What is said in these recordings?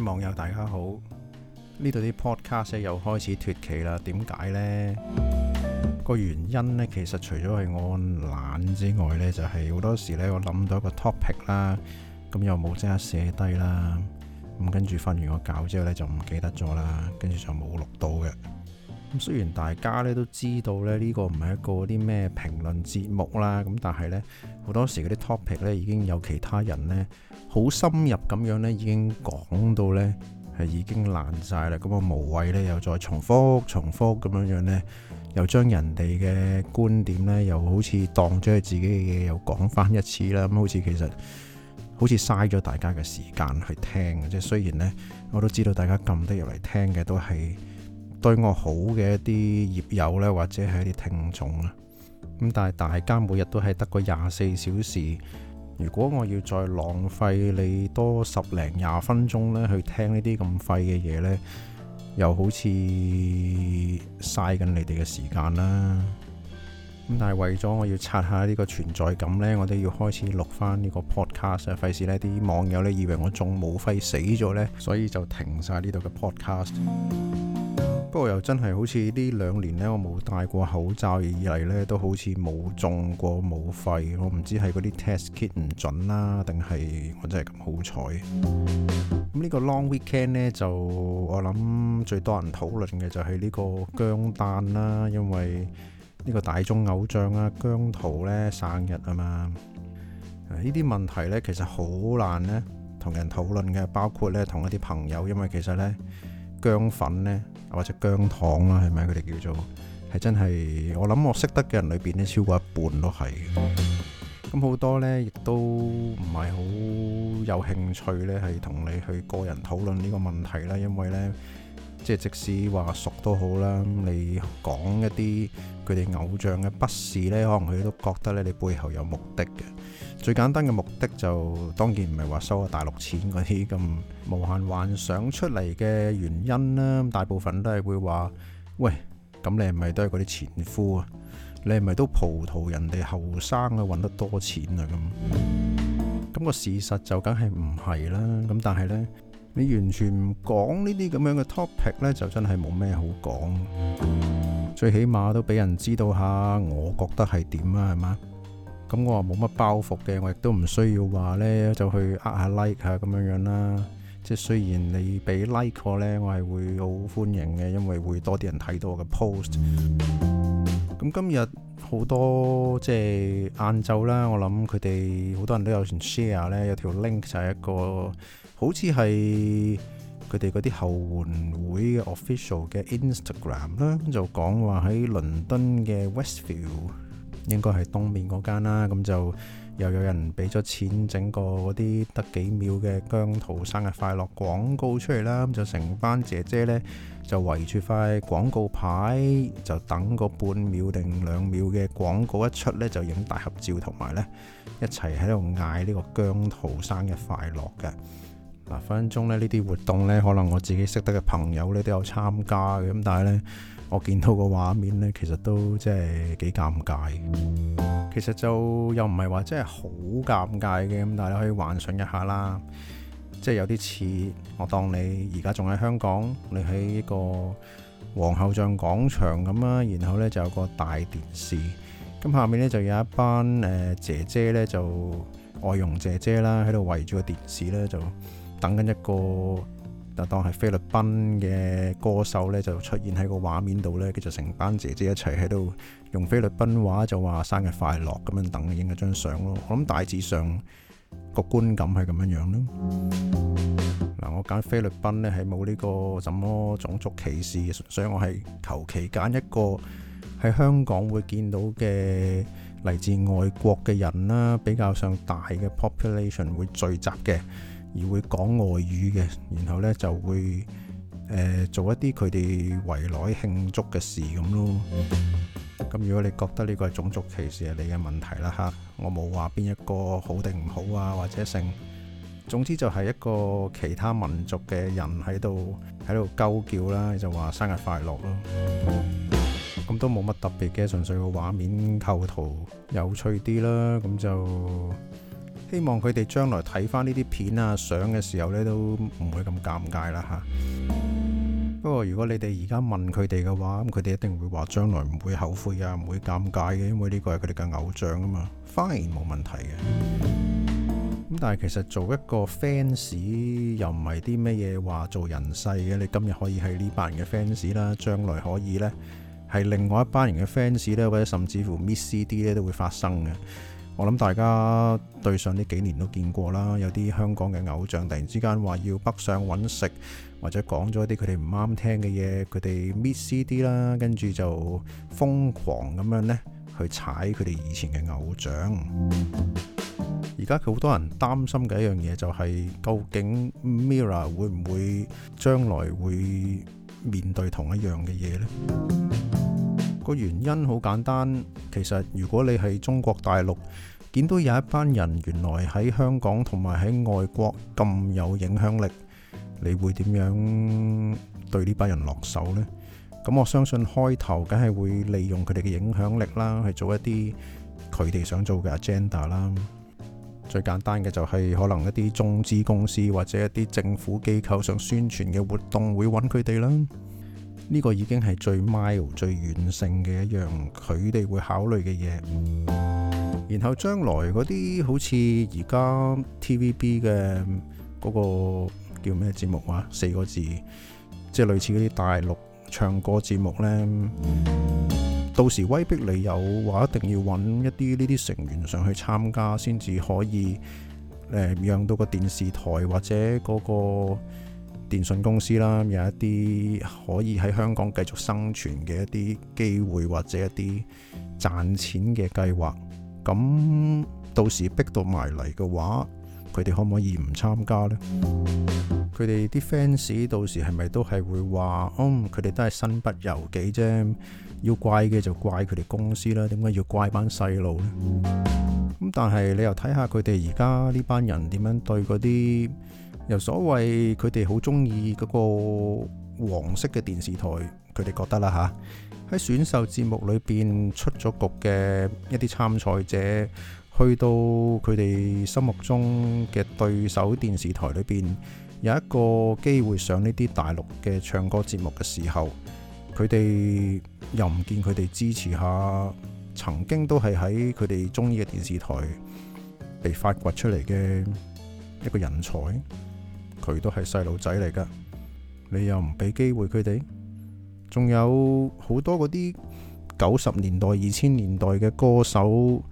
網友大家好，呢度啲 podcast 又開始脫期啦，點解呢？個原因呢，其實除咗係我懶之外呢，就係、是、好多時呢，我諗到一個 topic 啦，咁又冇即刻寫低啦，咁跟住瞓完個覺之後呢，後就唔記得咗啦，跟住就冇錄到嘅。咁雖然大家呢都知道呢，呢個唔係一個啲咩評論節目啦，咁但係呢，好多時嗰啲 topic 呢，已經有其他人呢。好深入咁樣呢，已經講到呢，係已經爛晒啦。咁啊無謂呢，又再重複重複咁樣樣呢，又將人哋嘅觀點呢，又好似當咗係自己嘅嘢，又講翻一次啦。咁好似其實好似嘥咗大家嘅時間去聽。即係雖然呢，我都知道大家撳得入嚟聽嘅都係對我好嘅一啲業友呢，或者係一啲聽眾啦。咁但係大家每日都係得個廿四小時。如果我要再浪費你多十零廿分鐘咧，去聽呢啲咁廢嘅嘢呢，又好似嘥緊你哋嘅時間啦。咁但係為咗我要刷下呢個存在感呢，我都要開始錄翻呢個 podcast。費事呢啲網友呢，以為我仲冇廢死咗呢，所以就停晒呢度嘅 podcast。不過又真係好似呢兩年咧，我冇戴過口罩以嚟咧，都好似冇中過冇肺。我唔知係嗰啲 test kit 唔準啦，定係我真係咁好彩。咁呢個 long weekend 呢，就我諗最多人討論嘅就係呢個姜誕啦，因為呢個大眾偶像啊，姜濤呢，生日啊嘛。呢啲問題呢，其實好難呢同人討論嘅，包括呢同一啲朋友，因為其實呢姜粉呢。或者姜糖啦，係咪？佢哋叫做係真係，我諗我識得嘅人裏邊咧，超過一半都係。咁好多呢，亦都唔係好有興趣呢，係同你去個人討論呢個問題啦，因為呢。即係即使話熟都好啦，你講一啲佢哋偶像嘅不是呢，可能佢都覺得呢你背後有目的嘅。最簡單嘅目的就當然唔係話收下大陸錢嗰啲咁無限幻想出嚟嘅原因啦。大部分都係會話喂，咁你係咪都係嗰啲前夫啊？你係咪都葡萄人哋後生啊，揾得多錢啊咁？咁個事實就梗係唔係啦。咁但係呢。你完全唔講呢啲咁樣嘅 topic 呢就真係冇咩好講。最起碼都俾人知道下，我覺得係點啊，係嘛？咁我話冇乜包袱嘅，我亦都唔需要話呢，就去呃下 like 下咁樣樣啦。即係雖然你俾 like 我呢，我係會好歡迎嘅，因為會多啲人睇到我嘅 post。咁今日。好多即係晏晝啦，我諗佢哋好多人都有 share 咧，有條 link 就係一個好似係佢哋嗰啲後援會 official 嘅 Instagram 啦，咁就講話喺倫敦嘅 Westfield，應該係東面嗰間啦，咁就。又有人俾咗錢整個嗰啲得幾秒嘅姜濤生日快樂廣告出嚟啦，咁就成班姐姐呢，就圍住塊廣告牌，就等個半秒定兩秒嘅廣告一出呢，就影大合照，同埋呢一齊喺度嗌呢個姜濤生日快樂嘅。嗱，分分鐘呢啲活動呢，可能我自己識得嘅朋友呢都有參加嘅，咁但係呢。我見到個畫面呢，其實都即係幾尷尬。其實就又唔係話真係好尷尬嘅，咁但係你可以幻想一下啦。即係有啲似我當你而家仲喺香港，你喺呢個皇后像廣場咁啦，然後呢就有個大電視，咁下面呢，就有一班誒姐姐呢，就外傭姐姐啦，喺度圍住個電視呢，就等緊一個。就當係菲律賓嘅歌手呢，就出現喺個畫面度呢，跟住成班姐姐一齊喺度用菲律賓話就話生日快樂咁樣等影一張相咯。我諗大致上個觀感係咁樣樣咯。嗱，我揀菲律賓呢，係冇呢個什麼種族歧視嘅，所以我係求其揀一個喺香港會見到嘅嚟自外國嘅人啦，比較上大嘅 population 會聚集嘅。而會講外語嘅，然後呢就會誒、呃、做一啲佢哋圍內慶祝嘅事咁咯。咁如果你覺得呢個係種族歧視，係你嘅問題啦吓，我冇話邊一個好定唔好啊，或者剩，總之就係一個其他民族嘅人喺度喺度鳩叫啦，就話生日快樂咯。咁都冇乜特別嘅，純粹個畫面構圖有趣啲啦，咁就。希望佢哋將來睇返呢啲片啊、相嘅時候呢，都唔會咁尷尬啦吓。不過如果你哋而家問佢哋嘅話，咁佢哋一定會話將來唔會後悔啊、唔會尷尬嘅，因為呢個係佢哋嘅偶像啊嘛。反而冇問題嘅。咁但係其實做一個 fans 又唔係啲咩嘢話做人世嘅，你今日可以係呢班人嘅 fans 啦，將來可以呢係另外一班人嘅 fans 咧，或者甚至乎 miss 啲咧都會發生嘅。我諗大家對上呢幾年都見過啦，有啲香港嘅偶像突然之間話要北上揾食，或者講咗一啲佢哋唔啱聽嘅嘢，佢哋 miss 啲啦，跟住就瘋狂咁樣呢去踩佢哋以前嘅偶像。而家佢好多人擔心嘅一樣嘢就係，究竟 Mirror 會唔會將來會面對同一樣嘅嘢呢？個原因好簡單，其實如果你係中國大陸，見到有一班人原來喺香港同埋喺外國咁有影響力，你會點樣對呢班人落手呢？咁我相信開頭梗係會利用佢哋嘅影響力啦，去做一啲佢哋想做嘅 agenda 啦。最簡單嘅就係可能一啲中資公司或者一啲政府機構想宣傳嘅活動會揾佢哋啦。呢個已經係最 mild 最遠性嘅一樣，佢哋會考慮嘅嘢。然後將來嗰啲好似而家 TVB 嘅嗰個叫咩節目啊？四個字，即係類似嗰啲大陸唱歌節目呢。到時威逼你有話一定要揾一啲呢啲成員上去參加先至可以，誒、呃、讓到個電視台或者嗰個。電訊公司啦，有一啲可以喺香港繼續生存嘅一啲機會，或者一啲賺錢嘅計劃。咁到時逼到埋嚟嘅話，佢哋可唔可以唔參加呢？佢哋啲 fans 到時係咪都係會話？嗯、哦，佢哋都係身不由己啫。要怪嘅就怪佢哋公司啦。點解要怪班細路呢？」咁但係你又睇下佢哋而家呢班人點樣對嗰啲？由所謂佢哋好中意嗰個黃色嘅電視台，佢哋覺得啦吓，喺選秀節目裏邊出咗局嘅一啲參賽者，去到佢哋心目中嘅對手電視台裏邊，有一個機會上呢啲大陸嘅唱歌節目嘅時候，佢哋又唔見佢哋支持下曾經都係喺佢哋中意嘅電視台被發掘出嚟嘅一個人才。佢都係細路仔嚟㗎，你又唔俾機會佢哋？仲有好多嗰啲九十年代、二千年代嘅歌手，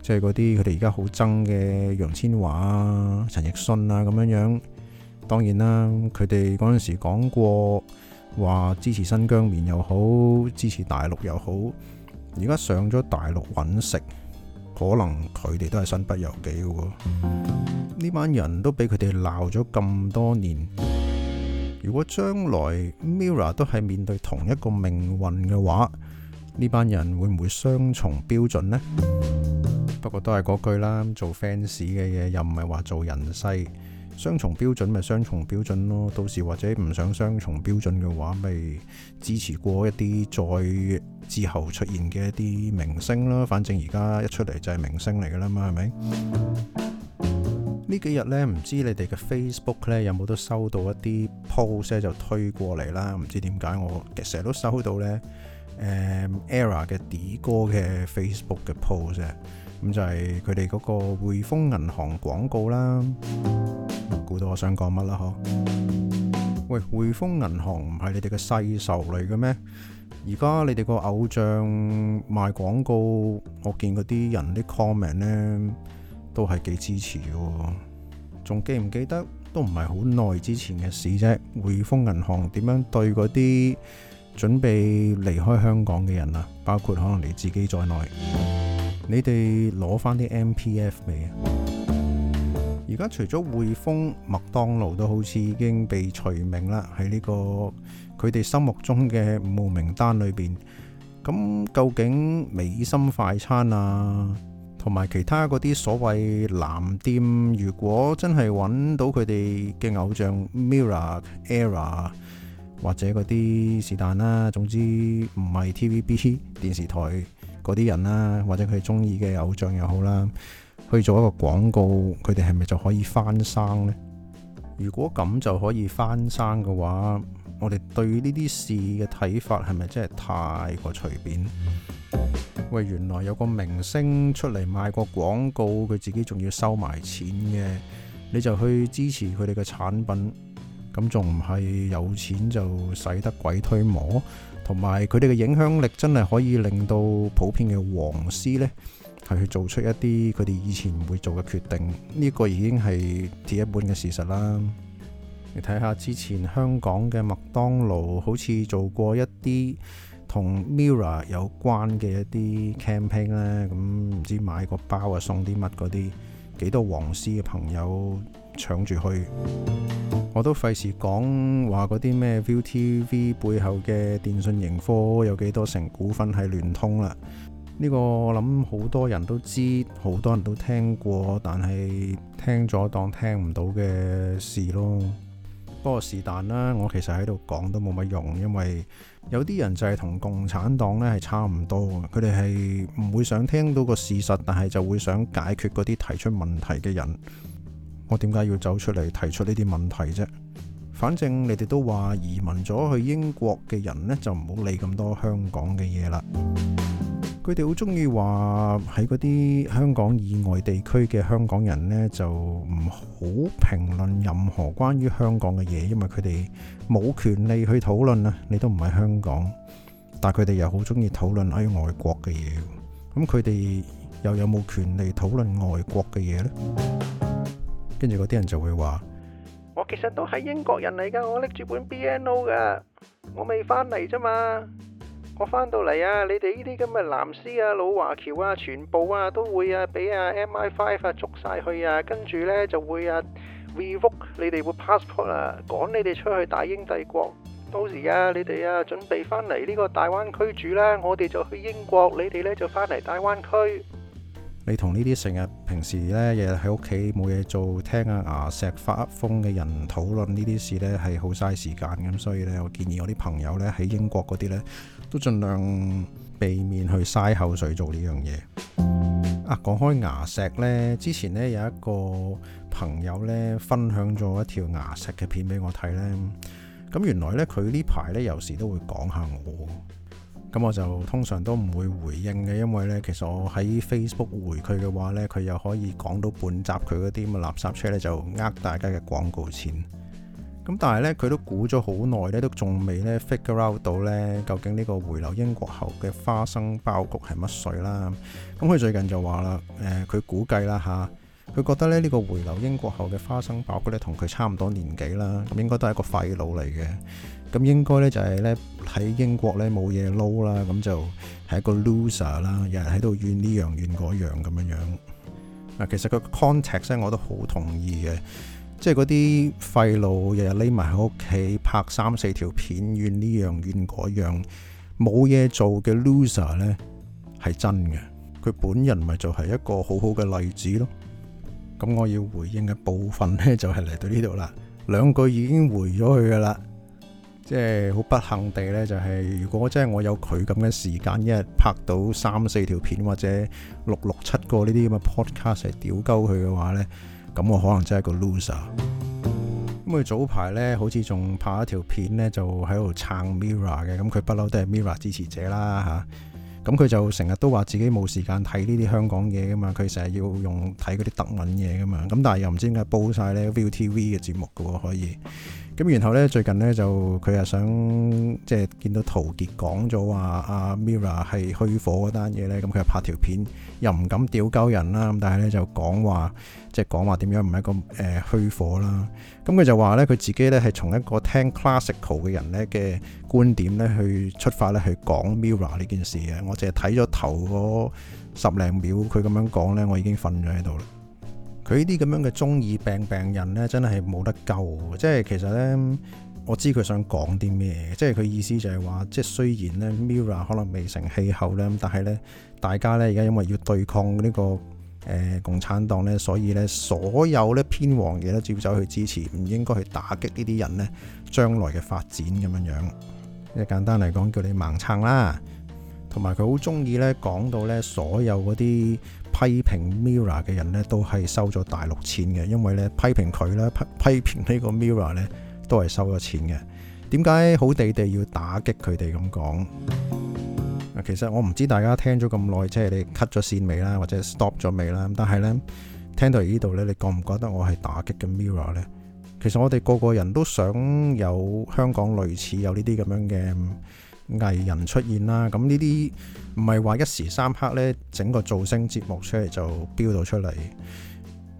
即係嗰啲佢哋而家好憎嘅楊千嬅啊、陳奕迅啊咁樣樣。當然啦，佢哋嗰陣時講過話支持新疆棉又好，支持大陸又好。而家上咗大陸揾食，可能佢哋都係身不由己嘅喎。呢班人都俾佢哋鬧咗咁多年。如果將來 MIRROR 都係面對同一個命運嘅話，呢班人會唔會雙重標準呢？不過都係嗰句啦，做 fans 嘅嘢又唔係話做人世雙重標準咪雙重標準咯。到時或者唔想雙重標準嘅話，咪支持過一啲再之後出現嘅一啲明星咯。反正而家一出嚟就係明星嚟噶啦嘛，係咪？呢幾日咧，唔知你哋嘅 Facebook 咧有冇都收到一啲 post 就推過嚟啦？唔知點解我成日都收到呢 Era 嘅 D 哥嘅 Facebook 嘅 post 啊，咁就係佢哋嗰個匯豐銀行廣告啦。估到我想講乜啦？嗬、啊？喂，匯豐銀行唔係你哋嘅世仇嚟嘅咩？而家你哋個偶像賣廣告，我見嗰啲人啲 comment 呢。都係幾支持嘅。仲記唔記得都唔係好耐之前嘅事啫？匯豐銀行點樣對嗰啲準備離開香港嘅人啊，包括可能你自己在內，你哋攞翻啲 M P F 未啊？而家除咗匯豐、麥當勞都好似已經被除名啦，喺呢個佢哋心目中嘅五號名單裏邊，咁究竟美心快餐啊？同埋其他嗰啲所謂藍店，如果真係揾到佢哋嘅偶像 Mirror Era 或者嗰啲是但啦，總之唔係 TVB 電視台嗰啲人啦，或者佢哋中意嘅偶像又好啦，去做一個廣告，佢哋係咪就可以翻生呢？如果咁就可以翻生嘅話，我哋對呢啲事嘅睇法係咪真係太過隨便？喂，原來有個明星出嚟賣個廣告，佢自己仲要收埋錢嘅，你就去支持佢哋嘅產品，咁仲唔係有錢就使得鬼推磨？同埋佢哋嘅影響力真係可以令到普遍嘅黃絲呢，係去做出一啲佢哋以前唔會做嘅決定，呢、這個已經係鐵一般嘅事實啦。你睇下之前香港嘅麥當勞好似做過一啲。同 Mirror 有關嘅一啲 campaign 呢，咁唔知買個包啊送啲乜嗰啲，幾多黃絲嘅朋友搶住去，我都費事講話嗰啲咩 ViuTV 背後嘅電訊盈科有幾多成股份係聯通啦，呢個我諗好多人都知，好多人都聽過，但係聽咗當聽唔到嘅事咯。不過是但啦，我其實喺度講都冇乜用，因為。有啲人就係同共產黨咧係差唔多，佢哋係唔會想聽到個事實，但係就會想解決嗰啲提出問題嘅人。我點解要走出嚟提出呢啲問題啫？反正你哋都話移民咗去英國嘅人呢，就唔好理咁多香港嘅嘢啦。佢哋好中意話喺嗰啲香港以外地區嘅香港人呢,就唔好評論任何關於香港嘅嘢，因為佢哋冇權利去討論啊。你都唔係香港，但佢哋又好中意討論喺外國嘅嘢。咁佢哋又有冇權利討論外國嘅嘢呢？跟住嗰啲人就會話：我其實都係英國人嚟噶,我拎住本 BNO 噶,我未翻嚟啫嘛。我返到嚟啊！你哋呢啲咁嘅藍絲啊、老華僑啊、全部啊都會啊，俾啊 MI5 啊捉晒去啊，跟住呢就會啊 revoke 你哋個 passport 啊，趕你哋出去大英帝國。到時啊，你哋啊準備返嚟呢個大灣區住啦，我哋就去英國，你哋呢就返嚟大灣區。你同呢啲成日平時呢，日日喺屋企冇嘢做，聽下牙石發瘋嘅人討論呢啲事呢，係好嘥時間咁。所以呢，我建議我啲朋友呢，喺英國嗰啲呢，都盡量避免去嘥口水做呢樣嘢。啊，講開牙石呢，之前呢，有一個朋友呢，分享咗一條牙石嘅片俾我睇呢。咁原來呢，佢呢排呢，有時都會講下我。咁我就通常都唔會回應嘅，因為呢，其實我喺 Facebook 回佢嘅話呢，佢又可以講到半集佢嗰啲咁垃圾車呢就呃大家嘅廣告錢。咁但係呢，佢都估咗好耐呢都仲未呢 figure out 到呢究竟呢個回流英國後嘅花生爆谷係乜水啦？咁佢最近就話啦，誒、呃，佢估計啦嚇，佢、啊、覺得咧呢、呢個回流英國後嘅花生爆谷呢同佢差唔多年紀啦，咁應該都係一個廢佬嚟嘅。咁應該咧就係咧喺英國咧冇嘢撈啦，咁就係一個 loser 啦。日日喺度怨呢樣怨嗰樣咁樣。嗱，其實佢個 contact 咧，我都好同意嘅，即係嗰啲廢路日日匿埋喺屋企拍三四條片，怨呢樣怨嗰樣冇嘢做嘅 loser 咧係真嘅。佢本人咪就係一個好好嘅例子咯。咁我要回應嘅部分咧就係嚟到呢度啦，兩句已經回咗佢噶啦。即係好不幸地呢，就係、是、如果真係我有佢咁嘅時間，一日拍到三四條片或者六六七個呢啲咁嘅 podcast 嚟屌鳩佢嘅話呢咁我可能真係一個 loser。咁佢早排呢，好似仲拍一條片呢，就喺度撐 Mirror 嘅。咁佢不嬲都係 Mirror 支持者啦嚇。咁、啊、佢就成日都話自己冇時間睇呢啲香港嘢噶嘛，佢成日要用睇嗰啲德文嘢噶嘛。咁但係又唔知點解煲曬呢 ViuTV 嘅節目嘅喎，可以。咁然後咧，最近咧就佢又想即係見到陶傑講咗話阿 Mirror 係虛火嗰單嘢咧，咁佢又拍條片，又唔敢屌鳩人啦。咁但係咧就講話即係講話點樣唔係一個誒、呃、虛火啦。咁佢就話咧，佢自己咧係從一個聽 classical 嘅人咧嘅觀點咧去出發咧去講 Mirror 呢件事嘅。我淨係睇咗頭嗰十零秒，佢咁樣講咧，我已經瞓咗喺度啦。佢呢啲咁樣嘅中二病病人呢，真係冇得救。即係其實呢，我知佢想講啲咩。即係佢意思就係話，即係雖然呢 Mira 可能未成氣候呢，但係呢，大家呢，而家因為要對抗呢、呢個誒、呃、共產黨呢，所以呢，所有呢偏黃嘢都照走去支持，唔應該去打擊呢啲人呢將來嘅發展咁樣樣。即係簡單嚟講，叫你盲撐啦。同埋佢好中意呢講到呢所有嗰啲。批評 mirror 嘅人呢都係收咗大陸錢嘅，因為呢批評佢啦。批批評呢個 mirror 呢都係收咗錢嘅。點解好地地要打擊佢哋咁講？啊，其實我唔知大家聽咗咁耐，即係你 cut 咗線未啦，或者 stop 咗未啦。但係呢，聽到呢度呢，你覺唔覺得我係打擊嘅 mirror 呢？其實我哋個個人都想有香港類似有呢啲咁樣嘅藝人出現啦，咁呢啲唔係話一時三刻呢整個造星節目出嚟就飆到出嚟。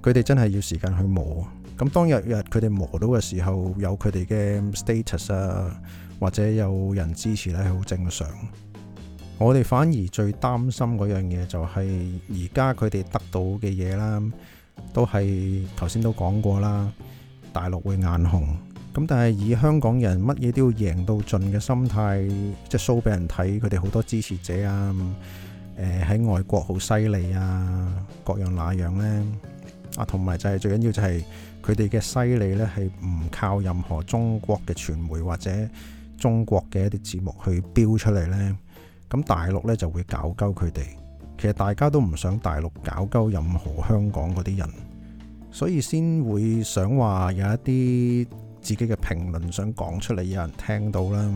佢哋真係要時間去磨。咁當日日佢哋磨到嘅時候，有佢哋嘅 status 啊，或者有人支持呢咧，好正常的。我哋反而最擔心嗰樣嘢就係而家佢哋得到嘅嘢啦，都係頭先都講過啦，大陸會眼紅。咁但係以香港人乜嘢都要贏到盡嘅心態，即係 show 俾人睇，佢哋好多支持者啊，誒喺外國好犀利啊，各樣那樣呢，啊，同埋就係最緊要就係佢哋嘅犀利呢係唔靠任何中國嘅傳媒或者中國嘅一啲節目去標出嚟呢，咁大陸呢就會搞鳩佢哋。其實大家都唔想大陸搞鳩任何香港嗰啲人，所以先會想話有一啲。自己嘅評論想講出嚟，有人聽到啦。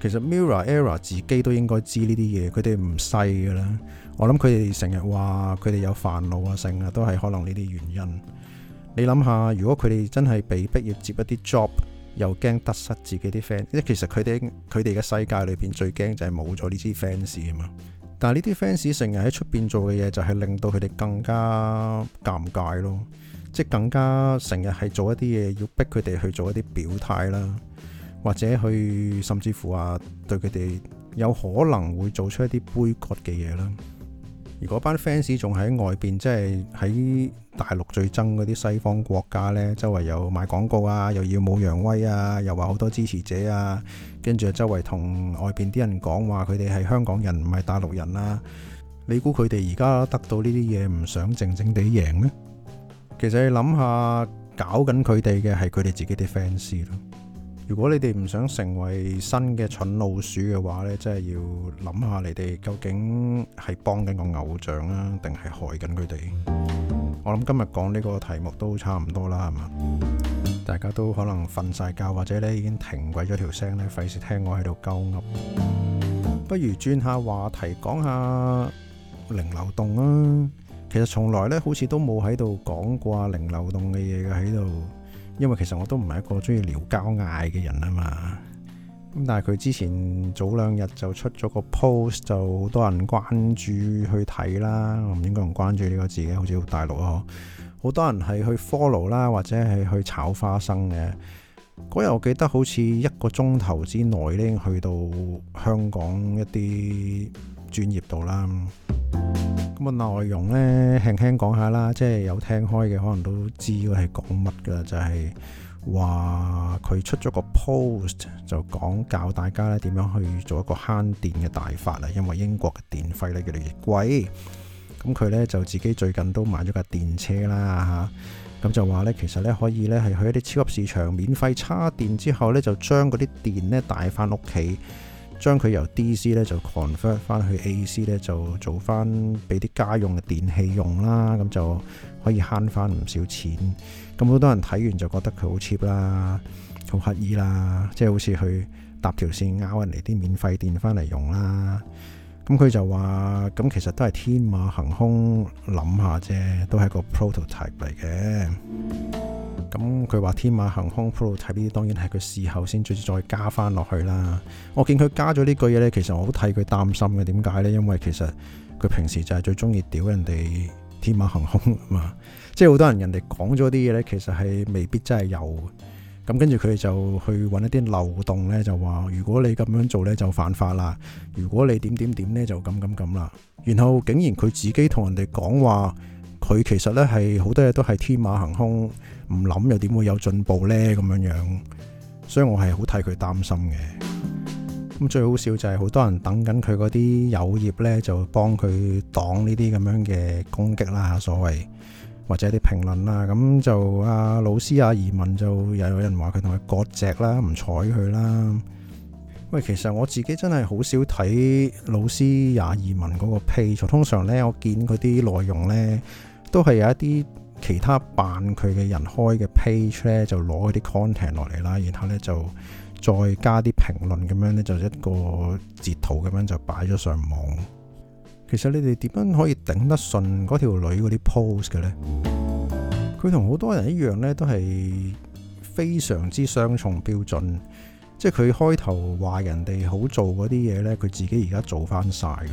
其實 Mirror、Era 自己都應該知呢啲嘢，佢哋唔細㗎喇。我諗佢哋成日話佢哋有煩惱啊，成日都係可能呢啲原因。你諗下，如果佢哋真係被逼要接一啲 job，又驚得失自己啲 fans，即其實佢哋佢哋嘅世界裏邊最驚就係冇咗呢啲 fans 啊嘛。但係呢啲 fans 成日喺出邊做嘅嘢，就係令到佢哋更加尷尬咯。即更加成日係做一啲嘢，要逼佢哋去做一啲表態啦，或者去甚至乎啊，對佢哋有可能會做出一啲杯葛嘅嘢啦。而嗰班 fans 仲喺外邊，即係喺大陸最憎嗰啲西方國家呢，周圍又賣廣告啊，又要武揚威啊，又話好多支持者啊，跟住周圍同外邊啲人講話，佢哋係香港人，唔係大陸人啊。你估佢哋而家得到呢啲嘢，唔想靜靜地贏咩？其實你諗下，搞緊佢哋嘅係佢哋自己啲 fans 咯。如果你哋唔想成為新嘅蠢老鼠嘅話咧，真係要諗下你哋究竟係幫緊個偶像啦，定係害緊佢哋？我諗今日講呢個題目都差唔多啦，係嘛？大家都可能瞓晒覺，或者咧已經停鬼咗條聲咧，費事聽我喺度鳩噏。不如轉下話題，講下零流動啊！其實從來咧，好似都冇喺度講過零流動嘅嘢嘅喺度，因為其實我都唔係一個鍾意聊交嗌嘅人啊嘛。咁但係佢之前早兩日就出咗個 post，就多人關注去睇啦。我唔應該唔關注呢個字嘅，好似好大陸啊。好多人係去 follow 啦，或者係去炒花生嘅嗰日，我記得好似一個鐘頭之內呢，去到香港一啲專業度啦。咁個內容呢，輕輕講下啦，即係有聽開嘅，可能都知佢係講乜噶，就係話佢出咗個 post 就講教大家呢點樣去做一個慳電嘅大法啊！因為英國嘅電費呢越嚟越貴，咁佢呢就自己最近都買咗架電車啦嚇，咁、啊、就話呢，其實呢可以呢，係去一啲超級市場免費叉電之後呢，就將嗰啲電呢帶翻屋企。將佢由 DC 咧就 convert 翻去 AC 咧就做翻俾啲家用嘅電器用啦，咁就可以慳翻唔少錢。咁好多人睇完就覺得佢好 cheap 啦，好乞意啦，即係好似去搭條線咬人哋啲免費電翻嚟用啦。咁佢就話咁，其實都係天馬行空諗下啫，都係一個 prototype 嚟嘅。咁佢話天馬行空 prototype 呢啲，當然係佢事後先最再加翻落去啦。我見佢加咗呢句嘢呢，其實我好替佢擔心嘅。點解呢？因為其實佢平時就係最中意屌人哋天馬行空啊嘛，即係好多人人哋講咗啲嘢呢，其實係未必真係有的。咁跟住佢哋就去揾一啲漏洞呢，就話如果你咁樣做呢就犯法啦，如果你點點點呢就咁咁咁啦。然後竟然佢自己同人哋講話，佢其實呢係好多嘢都係天馬行空，唔諗又點會有進步呢咁樣樣。所以我係好替佢擔心嘅。咁最好笑就係好多人等緊佢嗰啲友業呢，就幫佢擋呢啲咁樣嘅攻擊啦，所謂。或者啲評論啦，咁就阿、啊、老師阿、啊、移民就有有人話佢同佢割席啦，唔睬佢啦。喂，其實我自己真係好少睇老師阿、啊、移民嗰個 page，通常呢，我見佢啲內容呢都係有一啲其他扮佢嘅人開嘅 page 呢，就攞啲 content 落嚟啦，然後呢就再加啲評論咁樣呢，就一個截圖咁樣就擺咗上網。其實你哋點樣可以頂得順嗰條女嗰啲 pose 嘅呢？佢同好多人一樣呢，都係非常之雙重標準。即係佢開頭話人哋好做嗰啲嘢呢，佢自己而家做翻晒嘅。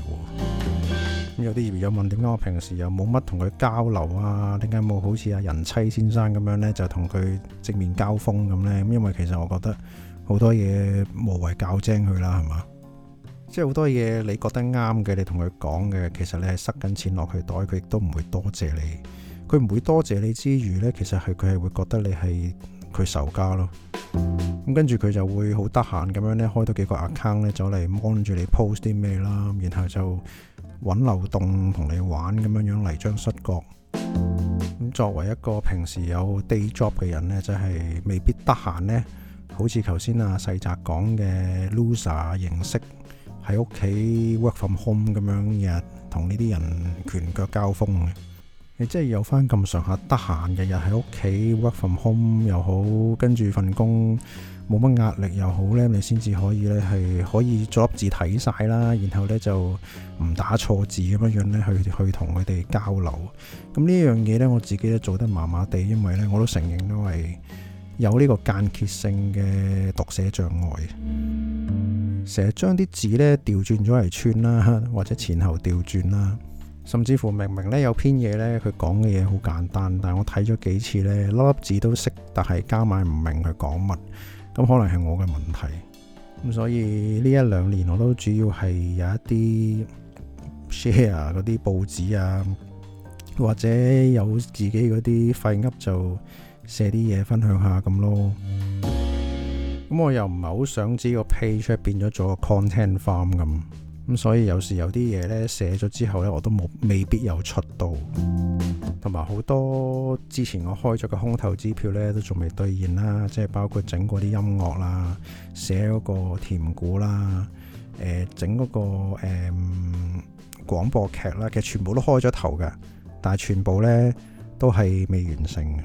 咁有啲業主問：點解我平時又冇乜同佢交流啊？點解冇好似阿人妻先生咁樣呢，就同佢正面交鋒咁呢？因為其實我覺得好多嘢無謂教精佢啦，係嘛？即係好多嘢，你覺得啱嘅，你同佢講嘅，其實你係塞緊錢落佢袋，佢亦都唔會多謝你。佢唔會多謝你之餘呢，其實係佢係會覺得你係佢仇家咯。咁跟住佢就會好得閒咁樣呢，開多幾個 account 呢，走嚟監住你 post 啲咩啦，然後就揾漏洞同你玩咁樣樣嚟將摔角。咁作為一個平時有 day job 嘅人呢，就係未必得閒呢，好似頭先阿細澤講嘅 loser 形式。喺屋企 work from home 咁樣日同呢啲人拳腳交鋒嘅，你即係有翻咁上下得閒，日日喺屋企 work from home 又好，跟住份工冇乜壓力又好咧，你先至可以咧係可以作字睇晒啦，然後咧就唔打錯字咁樣樣咧去去同佢哋交流。咁呢樣嘢咧，我自己都做得麻麻地，因為咧我都承認，都係有呢個間歇性嘅讀寫障礙。成日將啲字咧調轉咗嚟串啦，或者前後調轉啦，甚至乎明明咧有篇嘢咧佢講嘅嘢好簡單，但係我睇咗幾次咧粒粒字都識，但係加埋唔明佢講乜，咁可能係我嘅問題。咁所以呢一兩年我都主要係有一啲 share 嗰啲報紙啊，或者有自己嗰啲廢噏就寫啲嘢分享下咁咯。咁我又唔係好想知個 page 變咗做個 content farm 咁，咁所以有時有啲嘢呢，寫咗之後呢，我都冇未必有出到。同埋好多之前我開咗個空頭支票呢，都仲未兌現啦，即係包括整嗰啲音樂啦，寫嗰個甜故啦，誒、呃、整嗰個誒、嗯、廣播劇啦，其實全部都開咗頭嘅，但係全部呢，都係未完成嘅。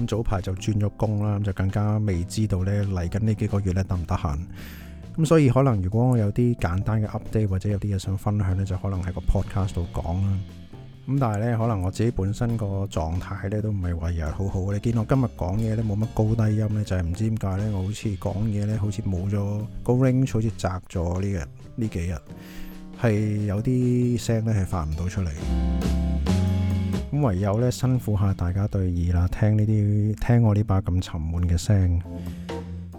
咁早排就轉咗工啦，咁就更加未知道咧，嚟緊呢幾個月咧，得唔得閒。咁所以可能如果我有啲簡單嘅 update 或者有啲嘢想分享咧，就可能喺個 podcast 度講啦。咁但係咧，可能我自己本身個狀態咧都唔係話日日好好。你見我今日講嘢咧冇乜高低音咧，就係唔知點解咧，我好似講嘢咧，好似冇咗個 range，好似窄咗呢，日呢幾日係有啲聲咧係發唔到出嚟。咁唯有咧辛苦下大家對耳啦，聽呢啲聽我呢把咁沉悶嘅聲。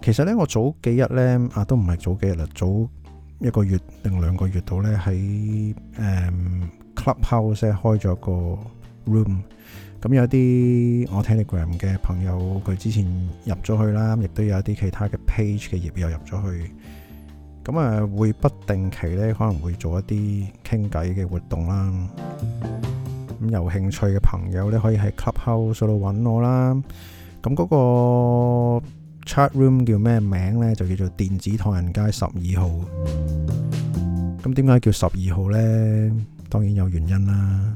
其實咧，我早幾日咧啊，都唔係早幾日啦，早一個月定兩個月度咧喺誒、嗯、Clubhouse 開咗個 room。咁有啲我 Telegram 嘅朋友佢之前入咗去啦，亦都有啲其他嘅 page 嘅頁又入咗去。咁啊，會不定期咧，可能會做一啲傾偈嘅活動啦。咁有興趣嘅朋友呢，可以喺 Clubhouse 度揾我啦。咁嗰個 chat room 叫咩名呢？就叫做電子唐人街十二號。咁點解叫十二號呢？當然有原因啦。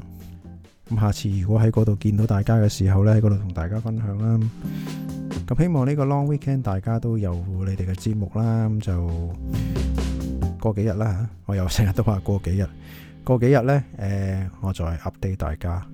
咁下次如果喺嗰度見到大家嘅時候呢，喺嗰度同大家分享啦。咁希望呢個 Long Weekend 大家都有你哋嘅節目啦。咁就過幾日啦嚇，我又成日都話過幾日。過幾日呢、呃，我再 update 大家。